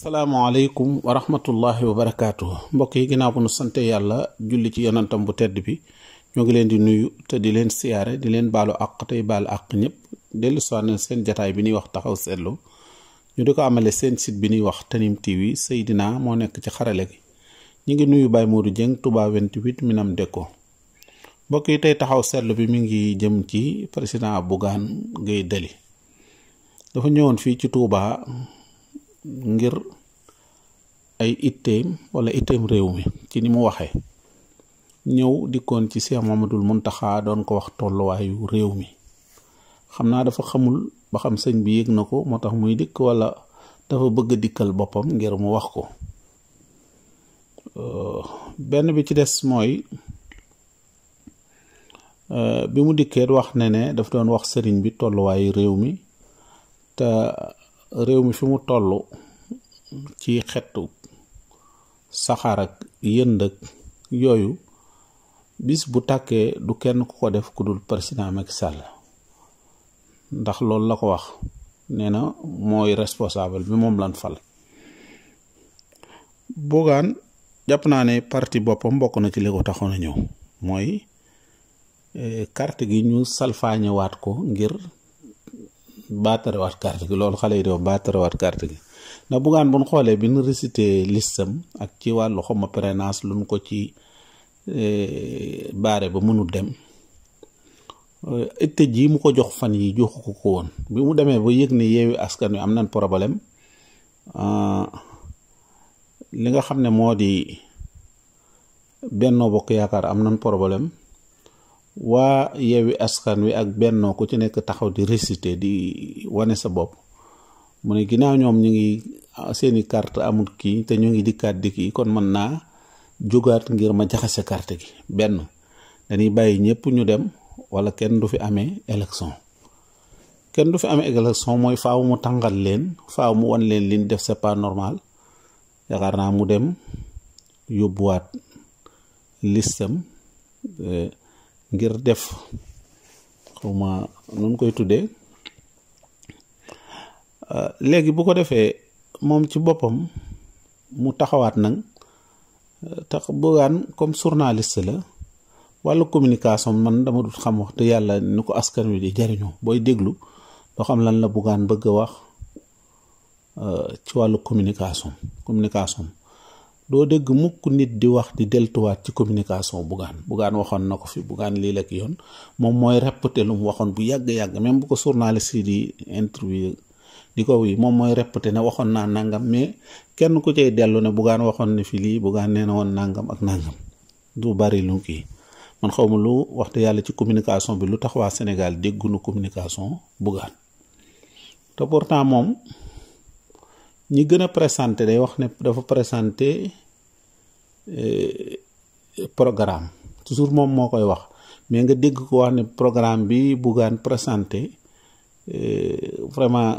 salaamaaleykum wa rahmatullahi wa barakaatu mbokk yi ginnaaw bu nu sante yàlla julli ci yonantam bu tedd bi ñoo ngi leen di nuyu te di leen siyaare di leen baalu àq tey baalu àq ñëpp dellu soine seen jataay bi ñuy wax taxaw seetlu ñu di ko amale seen sit bi ñuy wax Tanime TV Seydina moo nekk ci xarale gi ñi ngi nuyu Baye Modou Dieng Touba 28 Minam Deko mbokk yi tey taxaw seetlu bi mi ngi jëm ci président Bougane Gueye Dany dafa ñëwoon fii ci Touba. ngir ay itteem walla itteem réew mi ci ni mu waxee ñëw dikkoon ci Cheikh Mamadul Muntaxa doon ko wax tolluwaayu réew mi xam naa dafa xamul ba xam sëñ bi yëg na ko moo tax muy dikk wala dafa bëgg dikkal boppam ngir mu wax ko benn bi ci des mooy bi mu dikkee wax ne ne daf doon wax sëriñ bi tolluwaayu réew mi réew mi fi mu toll ci xetu saxaar ak yënd yooyu bis bu tàkkee du kenn ku ko def ku dul président Macky Sall ndax loolu la ko wax nee na mooy responsable bi moom lan fal Bougane jàpp naa ne partie boppam bokk na ci ko taxoon a ñëw mooy eh, carte gi ñu salfaañewaat ko ngir baatariwaat carte gi loolu xale yi doo baatarawaat carte gi ndax buggaan buñ xoolee bi ñu récité listam ak ci wàllu xoma prénance lu ñu ko ci eh, baare ba mënul dem eh, itte ji mu ko jox fan yi joxu ko ko woon bi mu demee ba yëg ni yeewi askan wi am nañ problème ah, li nga xam ne moo di Benno Bokk Yaakaar am nañ problème waa yeewi askan wi ak bennoo ku ci nekk taxaw di réciter di wane sa bopp mu ne ginnaaw ñoom ñu ngi ah, seeni kart amut kii te ñu ngi dikkaat di kii kon mën naa jógaat ngir ma jaxase carte gi benn dañuy bàyyi ñëpp ñu dem wala kenn du fi amee élection kenn du fi amee élection mooy faaw mu tàngal leen faaw mu wan leen liñ def sa pas normal yaakaar naa mu dem yóbbuwaat listam euh, ngir def xawma nun koy tuddee euh, léegi bu ko defee moom ci boppam mu taxawaat nag euh, tax bëggaan comme journaliste la wàllu communication man dama dut xam wax te yàlla ni ko askan wi di jariñoo booy déglu doo xam lan la buggaan bëgg a wax euh, ci wàllu communication communication doo dégg mukk nit di wax di deltuwaat ci communication Bougane Bougane waxoon na ko fi Bougane lii la ki yoon moom mooy répété lu mu waxoon bu yàgg-yàgg même bu ko journaliste yi di interview di ko wi moom mooy répété ne waxoon naa nangam mais kenn ku cay dellu ne Bougane waxoon na fi lii Bougane nee na woon nangam ak nangam du bari lu kii man ma lu waxte yàlla ci communication bi lu tax waa Sénégal dégguñu communication Bougane te moom ñi gën a présenté day wax ne dafa présenté euh, programme toujours moom moo koy wax mais nga dégg ko wax ne programme bi Bougane présenté euh, vraiment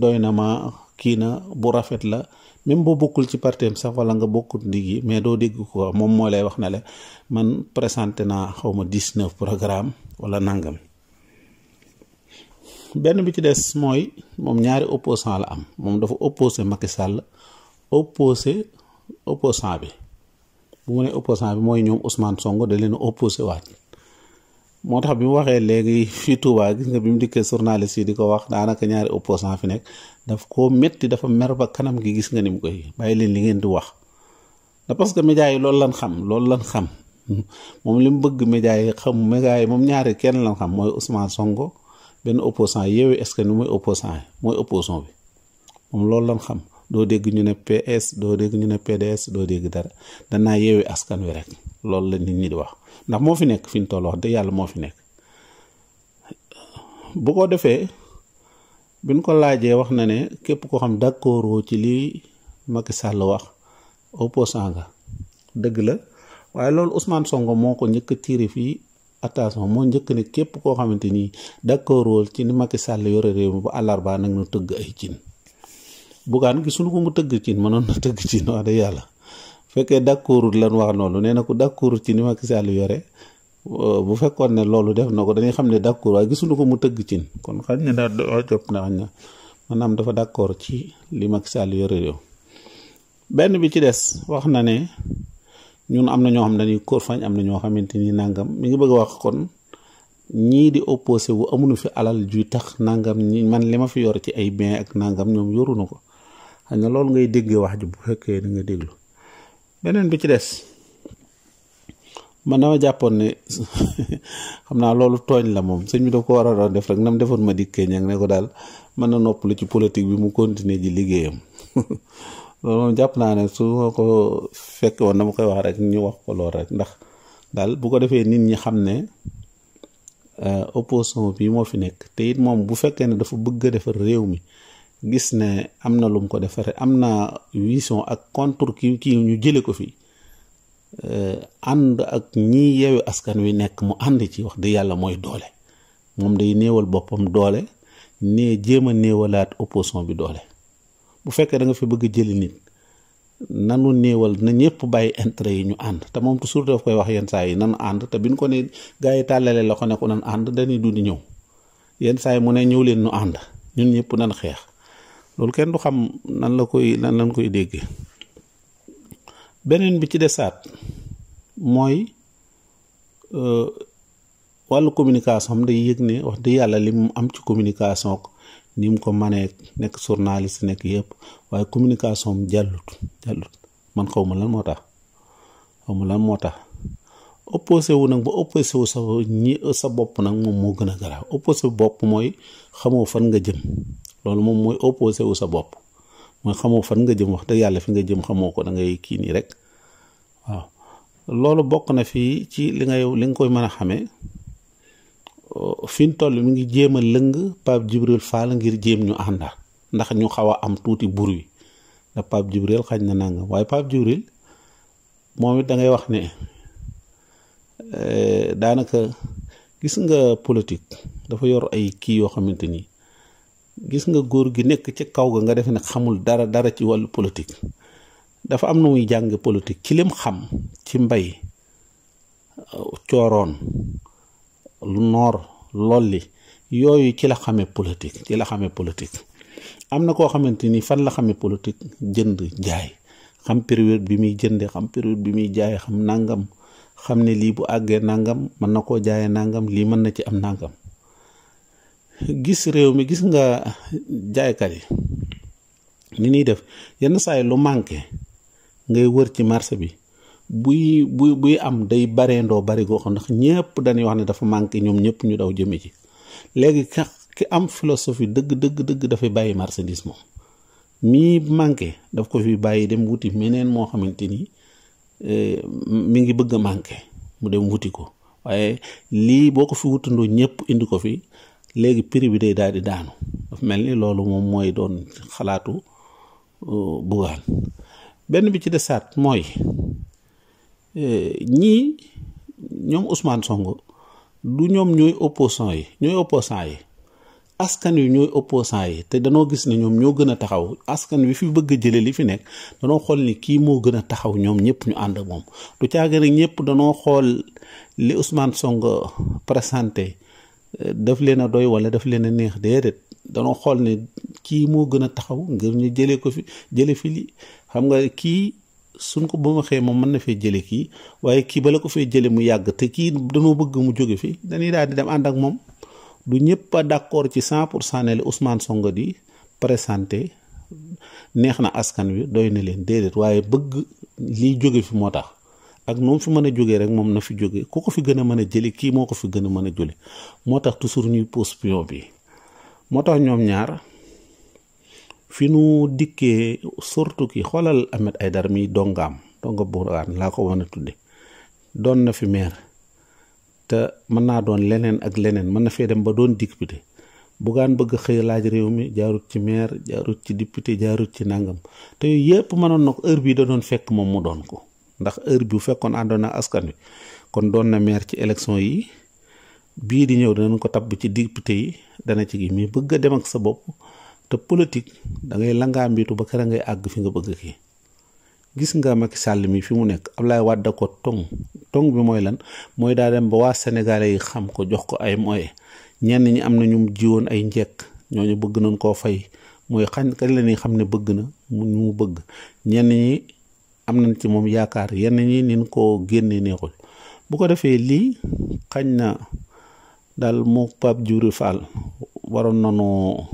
doy na ma kii na bu rafet la même boo bokkul ci parteem sax wala nga bokkul ndigi mais doo dégg ko moom moo lay wax ne la man présenté naa xaw ma 19 programme wala nangam benn bi ci des mooy moom ñaari opposant la am moom dafa opposé Macky Sall opposé opposant bi bu mu nee opposant bi mooy ñoom Ousmane songo da leen opposé waat moo tax bi mu waxee léegi fii Touba gis nga bi mu dikkee journaliste yi di ko wax daanaka ñaari opposant fi nekk daf koo métti dafa mer ba kanam gi gis nga ni mu koy bàyyi leen li ngeen di wax da parce que média yi loolu lan xam loolu lan xam moom li mu bëgg média yi xam média yi moom ñaari kenn lan xam mooy Ousmane Sonko benn opposant Yewwi Askan Wi mooy opposant yi mooy opposant bi moom loolu lan xam doo dégg ñu ne PS doo dégg ñu ne PDS doo dégg dara danaa Yewwi Askan Wi rek loolu la nit ñi di wax ndax moo fi nekk fi ñu toll wax de yàlla moo fi nekk bu ko defee biñ ko laajee wax na ne képp koo xam d'accord ci lii Macky Sall wax opposant nga dëgg la waaye loolu Ousmane Sonko moo ko njëkk a fii attention moo njëkk ne képp koo xamante ni d'accord wool ci ni Macky Sall yore réew mi ba àllarbaa nag na tëgg ay cin bugaan gisuñu ko mu tëgg cin mënoon na tëgg cin wax dëgg yàlla fekkee d'accordul lan wax noonu nee na ko d'accordul ci ni Macky Sall yore euh, bu fekkoon ne loolu def na ko dañuy xam ne d'accord waaye gisuñu ko mu tëgg cin kon xañ na daal doo jop na xañ na maanaam dafa d'accord ci li Macky Sall yore réew benn bi ci des wax na ne ñun am na ñoo xam ne dañuy korfañ am na ñoo xamante ni nangam mu ngi bëgg a wax kon ñii di opposé wu amuñu fi alal juy tax nangam ñi man li ma fi yor ci ay bien ak nangam ñoom yorunu ko xam na loolu ngay déggee wax ji bu fekkee da nga déglu beneen bi ci des man dama jàppoon ne xam naa loolu tooñ la moom sëñ bi da ko war a doon def rek nam defoon ma dikkee ña ne ko daal mën na lu ci politique bi mu continuer ji liggéeyam loolu jàpp naa ne su ma ko fekke woon mu koy wax rek ñu wax ko lool rek ndax daal bu ko defee nit ñi xam ne euh, opposition bi moo fi nekk te it moom bu fekkee ne dafa bëgg defar réew mi gis ne am na lum ko defaree am na vision ak contre kii kii ñu jëlee ko fii euh, ànd ak ñii yeewi askan wi nekk mu ànd ci wax dëgg yàlla mooy doole moom day néewal boppam doole nee jéem a néewalaat opposition bi doole. bu fekkee da nga fi bëgg jëli nit nanu néewal na ñëpp bàyyi intérêt yi ñu ànd te moom toujours daf koy wax yenn saa yi nanu ànd te bi ñu ko ne gars yi tàllale la ko ne ko nan ànd dañuy du di ñëw yenn saa yi mu ne ñëw leen ñu ànd ñun ñëpp nanu xeex loolu kenn du xam nan la koy nan lañ koy déggee beneen bi ci de desaat mooy euh, wàllu communication am day yëg ne wax dëgg yàlla li mu am ci communication ni mu ko manee nekk journaliste nekk yëpp waaye communication am jàllut jàllut man xaw ma lan moo tax xaw ma lan moo tax opposé wu nag ba opposé sa sa bopp nag moom moo gën a garaaw opposé bopp mooy xamoo fan nga jëm loolu moom mooy opposé wu sa bopp mooy xamoo fan nga jëm wax dëgg yàlla fi nga jëm xamoo ko da ngay kii nii rek waaw loolu bokk na fii ci li nga koy mën a xame fi ñu toll mi ngi jéem a lëng Pape Djibril Fall ngir jéem ñu ànda ndax ñu xaw a am tuuti bruit ndax Pape Djibril xañ na nangam waaye Pape Djibril moom it dangay wax ne eh, daanaka gis nga politique dafa yor ay kii yoo xamante ni gis nga góor gi nekk ci kaw ga nga defe ne xamul dara dara ci wàllu politique dafa am na muy jàng politique ci lim xam ci mbay eh, cooroon lu noor li yooyu ci la xamee politique ci la xamee politique am na koo xamante ni fan la xamee politique jënd jaay xam période bi muy jëndee xam période bi muy jaay xam nangam xam ne lii bu àggee nangam mën na koo jaayee nangam lii mën na ci am nangam gis réew mi gis nga jaaykat yi ni ñuy def yenn saa yi lu manqué ngay wër ci marché bi. buy buy buy am day bareendoo bari goo ndax ñëpp dañuy wax ne dafa manqué ñoom ñëpp ñu daw jëme ci léegi ka ki am philosophie dëgg dëgg dëgg dafay bàyyi marchandise moom mii manqué daf ko fi bàyyi dem wuti meneen moo xamante ni euh, mi ngi bëgg a manqué mu dem wuti ko waaye lii boo ko fi wutandoo ñëpp indi ko fi léegi prix bi day daal di daanu dafa mel ni loolu moom mooy doon xalaatu euh, bugaan benn bi ci desaat mooy Eh, ñii ñoom Ousmane songo du ñoom ñooy opposant yi ñooy opposant yi askan wi ñooy opposant yi te danoo gis ne ñoom ñoo gën a taxaw askan wi fi bëgg a jëlee li fi nekk danoo xool ni kii moo gën a taxaw ñoom ñëpp ñu ànd ak moom du caaga ñëpp danoo xool li Ousmane Sonko présenté eh, daf leen doy wala daf leen a neex déedéet danoo xool ne kii moo gën a taxaw ngir ñu jëlee ko fi jëlee fi li xam nga kii. suñ ko ba mu xëyee moom mën na fee jële kii waaye kii ba la ko fee jële mu yàgg te kii dañoo bëgg mu jóge fi dañuy daal di dem ànd ak moom du ñëpp a d'accord ci cent pour cent ne li songo Sonko di présenté neex na askan wi doy na leen déedéet waaye bëgg liy jóge fi moo tax ak noonu fi mën a jógee rek moom na fi jóge ku ko fi gën a mën a jëli kii moo ko fi gën a mën a jëli moo tax toujours ñuy pose pion bi moo tax ñoom ñaar fi nu dikkee surtout ki xoolal Ahmed Aidara mi dongaam donga buraan laa ko wan a tudde doon na fi meer te mën naa doon leneen ak leneen mën na fee dem ba doon député bugaan bëgg xëy laaj réew mi jaarut ci ci député jaarut ci nangam te yëpp mënoon na ko bii da doon fekk moom mu doon ko ndax heure bi bu fekkoon àndoon na askan wi kon doon na maire ci élection yi bii di ñëw danañ ko tabb ci député yi dana ci gi mais bëgg a dem ak sa bopp te politique dangay ngay langaa ba kër ngay àgg fi nga bëgg kii gis nga mag sàll mi fi mu nekk Ablaye Wade da ko tong tong bi mooy lan mooy daa dem ba waa sénégalais yi xam ko jox ko ay moye ñenn ñi am na ñu jiwoon ay njekk ñooñu bëgg nañ koo fay mooy xañ kañ la xam ne bëgg na mu bëgg ñenn ñi am nañ ci moom yaakaar yenn ñi nin koo génnee neexul bu ko defee lii xañ na daal moo Pape Djibril Fall waroon nañoo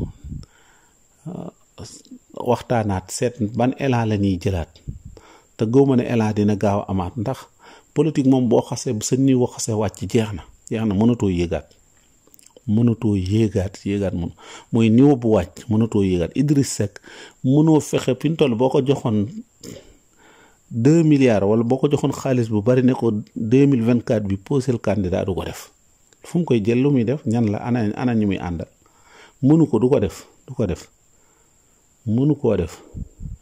waxtaanaat seet ban élan la ñuy jëlaat te ma ne élan dina gaaw a amaat ndax politique moom boo xasee sa niveau xasee wàcc jeex na jeex na mënatoo yéegaat mënatoo yéegaat yéegaat mun mooy niveau bu wàcc mënatoo yéegaat Idriss Seck mënoo fexe fi mu toll boo ko joxoon deux milliards wala boo ko joxoon xaalis bu bari ne ko deux mille vingt quatre bi posel candidat du ko def fu koy jël lu muy def ñan la ana ana ñu muy àndal mënu ko du ko def du ko def. mënu koo def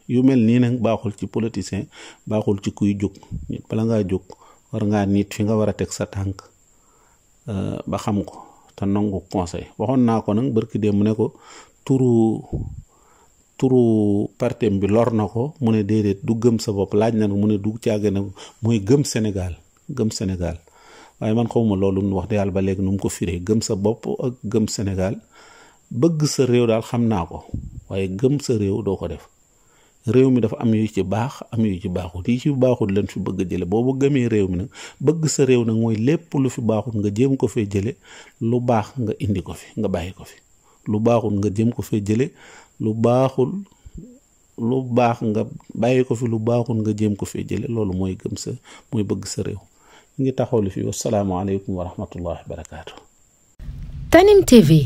yu mel nii nag baaxul ci politicien baaxul ci kuy jóg nit bala ngaa jóg war ngaa nit fi nga war a teg sa tànk euh, ba xam ko te nangu conseil waxoon naa ko nag barki dee mu ne ko turu turu partem bi lor na ko mu ne déedéet du gëm sa bopp laaj na nu mu ne du caage na mooy gëm Sénégal gëm Sénégal waaye man xawma loolu wax de yàlla ba léegi nu mu ko firee gëm sa bopp ak gëm Sénégal bëgg sa réew daal xam naa ko waaye gëm sa réew doo ko def réew mi dafa am yu ci baax am yu ci baaxut yi ci baaxut lañ fi bëgg a jële gëmee réew mi nag bëgg sa réew nag mooy lépp lu fi baaxut nga jéem ko fee jële lu baax nga indi ko fi nga bàyyi ko fi lu baaxul nga jéem ko fee jële lu baaxul lu baax nga bàyyi ko fi lu baaxul nga jéem ko fee jële loolu mooy gëm sa mooy bëgg sa réew ngi taxaw li fi wasalaamaaleykum wa rahmatullahi wa barakaatu. Tanim TV.